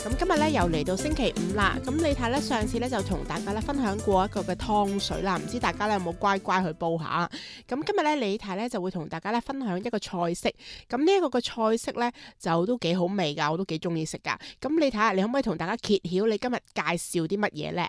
咁今日咧又嚟到星期五啦，咁李太咧上次咧就同大家咧分享過一個嘅湯水啦，唔知大家咧有冇乖乖去煲下？咁今日咧李太咧就會同大家咧分享一個菜式，咁呢一個嘅菜式咧就都幾好味噶，我都幾中意食噶。咁你睇下，你可唔可以同大家揭曉你今日介紹啲乜嘢咧？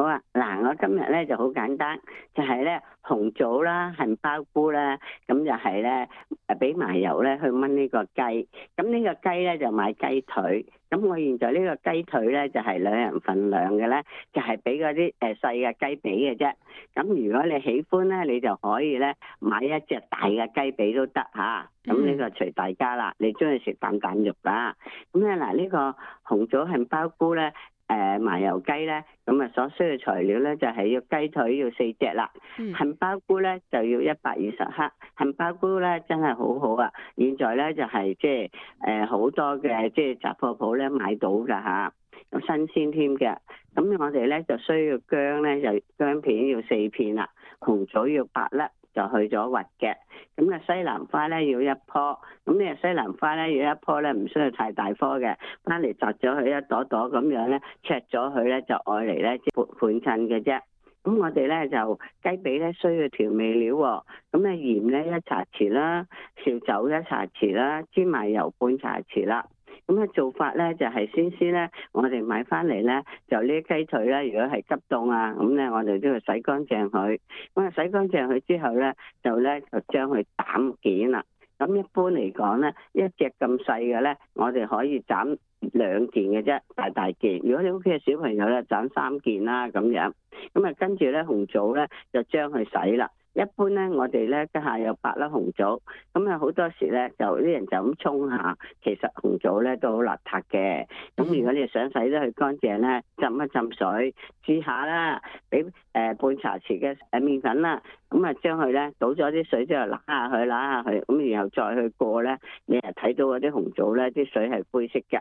好啊！嗱，我今日咧就好簡單，就係、是、咧紅棗啦、杏鮑菇啦，咁就係咧誒俾埋油咧去燜呢個雞。咁呢個雞咧就買雞腿。咁我現在呢個雞腿咧就係、是、兩人份量嘅咧，就係俾嗰啲誒細嘅雞髀嘅啫。咁如果你喜歡咧，你就可以咧買一隻大嘅雞髀都得嚇。咁、啊、呢個隨大家啦，你中意食啖啖肉啦。咁啊嗱，呢個紅棗杏鮑菇咧。誒、呃、麻油雞咧，咁啊所需嘅材料咧就係、是、要雞腿要四隻啦，嗯、杏鮑菇咧就要一百二十克，杏鮑菇咧真係好好啊，現在咧就係即係誒好多嘅即係雜貨鋪咧買到㗎吓，咁、啊、新鮮添嘅，咁我哋咧就需要薑咧就薑片要四片啦，紅棗要八粒就去咗核嘅。咁啊西蘭花咧要一樖，咁咧西蘭花咧要一樖咧唔需要太大樖嘅，翻嚟摘咗佢一朵朵咁樣咧，焯咗佢咧就愛嚟咧即盤襯嘅啫。咁我哋咧就雞髀咧需要調味料喎，咁咧鹽咧一茶匙啦，紹酒一茶匙啦，芝麻油半茶匙啦。咁嘅做法咧就係先先咧，我哋買翻嚟咧就呢啲雞腿咧，如果係急凍啊，咁咧我哋都要洗乾淨佢。咁啊洗乾淨佢之後咧，就咧就將佢斬件啦。咁一般嚟講咧，一隻咁細嘅咧，我哋可以斬兩件嘅啫，大大件。如果你屋企嘅小朋友咧，斬三件啦咁樣。咁啊跟住咧紅棗咧，就將佢洗啦。一般咧，我哋咧家下有八粒紅棗，咁啊好多時咧就啲人就咁沖下，其實紅棗咧都好邋遢嘅。咁如果你想洗得去佢乾淨咧，浸一浸水，煮下啦，俾誒半茶匙嘅誒麵粉啦，咁啊將佢咧倒咗啲水之後揦下佢，揦下佢，咁然後再去過咧，你啊睇到嗰啲紅棗咧啲水係灰色嘅。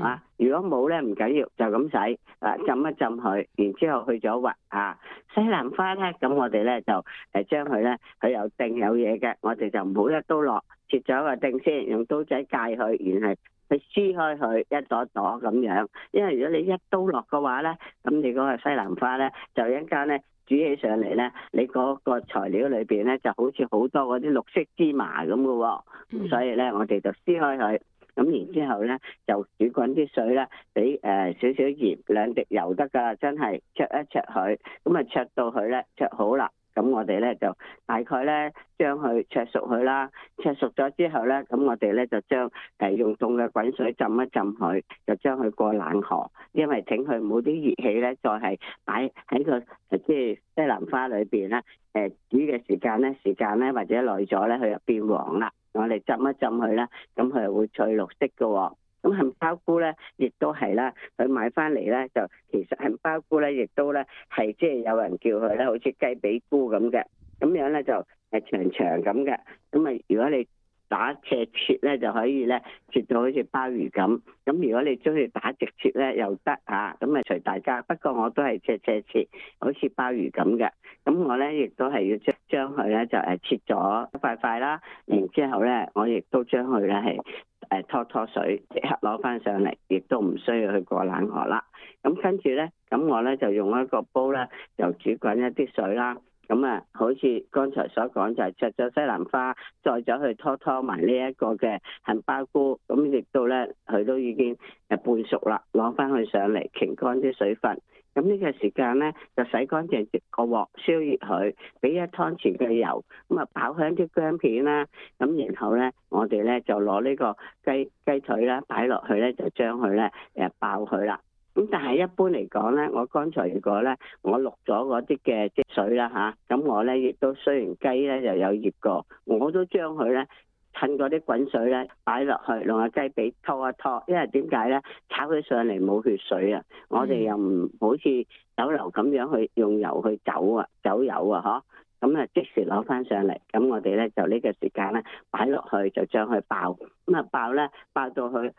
啊！嗯、如果冇咧，唔緊要，就咁洗啊，浸一浸佢，然之後去咗核啊。西蘭花咧，咁我哋咧就誒將佢咧，佢有莖有嘢嘅，我哋就唔好一刀落，切咗個莖先，用刀仔介佢，然後去撕開佢一朵一朵咁樣。因為如果你一刀落嘅話咧，咁你嗰個西蘭花咧就一間咧煮起上嚟咧，你嗰個材料裏邊咧就好似好多嗰啲綠色芝麻咁嘅喎。咁、嗯、所以咧，我哋就撕開佢。咁然之後咧，就煮滾啲水啦，俾誒、呃、少少鹽，兩滴油得㗎啦，真係灼一灼佢，咁啊灼到佢咧，灼好啦，咁我哋咧就大概咧將佢灼熟佢啦，灼熟咗之後咧，咁我哋咧就將誒、呃、用凍嘅滾水浸一浸佢，就將佢過冷河，因為整佢冇啲熱氣咧，再係擺喺個即係西蘭花裏邊咧，誒、呃、煮嘅時間咧，時間咧或者耐咗咧，佢就變黃啦。我哋浸一浸佢啦，咁佢係會翠綠色噶、哦，咁杏鮑菇咧亦都係啦，佢買翻嚟，咧就其實杏鮑菇咧亦都咧係即係有人叫佢咧好似雞髀菇咁嘅，咁樣咧就係、是、長長咁嘅，咁、嗯、啊如果你。打斜切咧就可以咧，切到好似鮑魚咁。咁如果你中意打直切咧又得吓。咁啊隨大家。不過我都係斜斜切，好似鮑魚咁嘅。咁我咧亦都係要將將佢咧就誒切咗一塊塊啦。然之後咧，我亦都將佢咧係誒拖拖水，即刻攞翻上嚟，亦都唔需要去過冷河啦。咁跟住咧，咁我咧就用一個煲咧，就煮滾一啲水啦。咁啊、嗯，好似剛才所講，就係着咗西蘭花，再走去拖拖埋呢一個嘅杏鮑菇，咁亦都咧佢都已經誒半熟啦，攞翻去上嚟晾乾啲水分。咁、嗯、呢、這個時間咧，就洗乾淨個鑊，燒熱佢，俾一湯匙嘅油，咁、嗯、啊爆香啲薑片啦。咁、嗯、然後咧，我哋咧就攞呢個雞雞腿啦，擺落去咧就將佢咧誒爆佢啦。咁但係一般嚟講咧，我剛才如果咧，我落咗嗰啲嘅積水啦嚇，咁、啊、我咧亦都雖然雞咧又有醃過，我都將佢咧趁嗰啲滾水咧擺落去，用個雞髀拖一拖，因為點解咧炒起上嚟冇血水啊？我哋又唔好似酒樓咁樣去用油去走啊走油啊呵，咁啊就即時攞翻上嚟，咁我哋咧就呢個時間咧擺落去就將佢爆，咁啊爆咧爆到佢。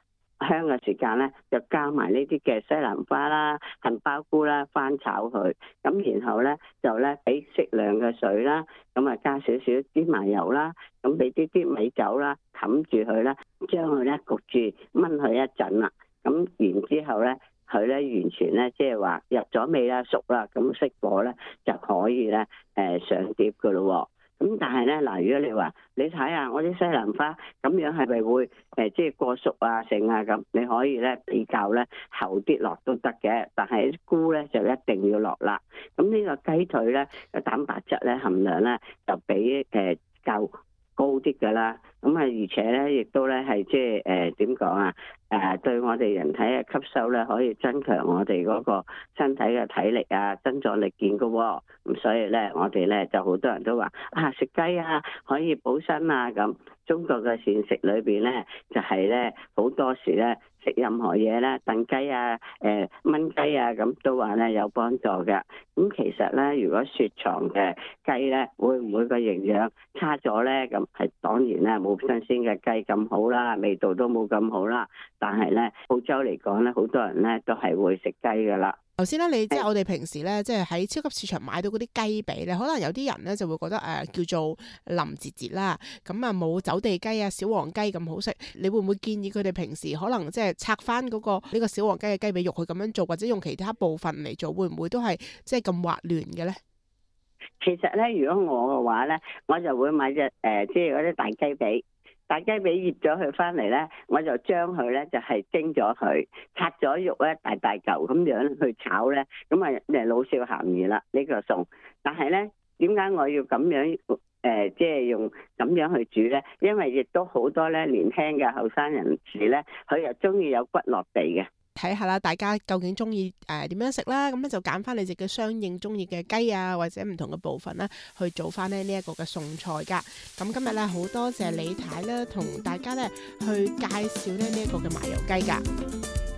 香嘅時間咧，就加埋呢啲嘅西蘭花啦、杏鮑菇啦，翻炒佢。咁然後咧，就咧俾適量嘅水啦，咁啊加少少芝麻油啦，咁俾啲啲米酒啦，冚住佢啦，將佢咧焗住燜佢一陣啦。咁完之後咧，佢咧完全咧即係話入咗味啦，熟啦，咁熄火咧就可以咧誒上碟噶咯喎。咁但係咧嗱，如果你話你睇下我啲西蘭花咁樣係咪會誒、呃、即係過熟啊剩啊咁，你可以咧比較咧厚啲落都得嘅，但係菇咧就一定要落啦。咁呢個雞腿咧，蛋白質咧含量咧就比誒較高啲㗎啦。咁啊，而且咧，亦都咧係即係誒點講啊？誒、呃呃、對我哋人體嘅吸收咧，可以增強我哋嗰個身體嘅體力啊，增壯力健噶、哦。咁所以咧，我哋咧就好多人都話啊，食雞啊可以補身啊咁、嗯。中國嘅膳食裏邊咧，就係咧好多時咧食任何嘢咧，燉雞啊、誒燜雞啊，咁都話咧有幫助嘅。咁、嗯、其實咧，如果雪藏嘅雞咧，會唔會個營養差咗咧？咁係當然啦。新鮮嘅雞咁好啦，味道都冇咁好啦。但係咧，澳洲嚟講咧，好多人咧都係會食雞噶啦。頭先咧，你是即係我哋平時咧，即係喺超級市場買到嗰啲雞髀咧，可能有啲人咧就會覺得誒、呃，叫做林節節啦，咁啊冇走地雞啊、小黃雞咁好食。你會唔會建議佢哋平時可能即係拆翻嗰個呢個小黃雞嘅雞髀肉去咁樣做，或者用其他部分嚟做，會唔會都係即係咁滑嫩嘅咧？其實咧，如果我嘅話咧，我就會買隻誒、呃，即係嗰啲大雞髀，大雞髀醃咗佢翻嚟咧，我就將佢咧就係、是、蒸咗佢，拆咗肉咧大大嚿咁樣去炒咧，咁啊誒老少咸宜啦呢個餸。但係咧，點解我要咁樣誒、呃，即係用咁樣去煮咧？因為亦都好多咧年輕嘅後生人士咧，佢又中意有骨落地嘅。睇下啦，大家究竟中意誒點樣食啦，咁咧就揀翻你自己相應中意嘅雞啊，或者唔同嘅部分啦，啊，去做翻咧呢一、這個嘅餸菜噶。咁今日咧好多謝李太啦，同大家咧去介紹咧呢一、這個嘅麻油雞噶。